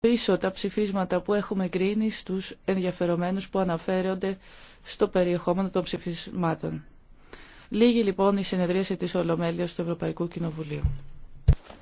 πίσω τα ψηφίσματα που έχουμε κρίνει στους ενδιαφερομένους που αναφέρονται στο περιεχόμενο των ψηφισμάτων. Λίγη λοιπόν η συνεδρίαση της Ολομέλειας του Ευρωπαϊκού Κοινοβουλίου.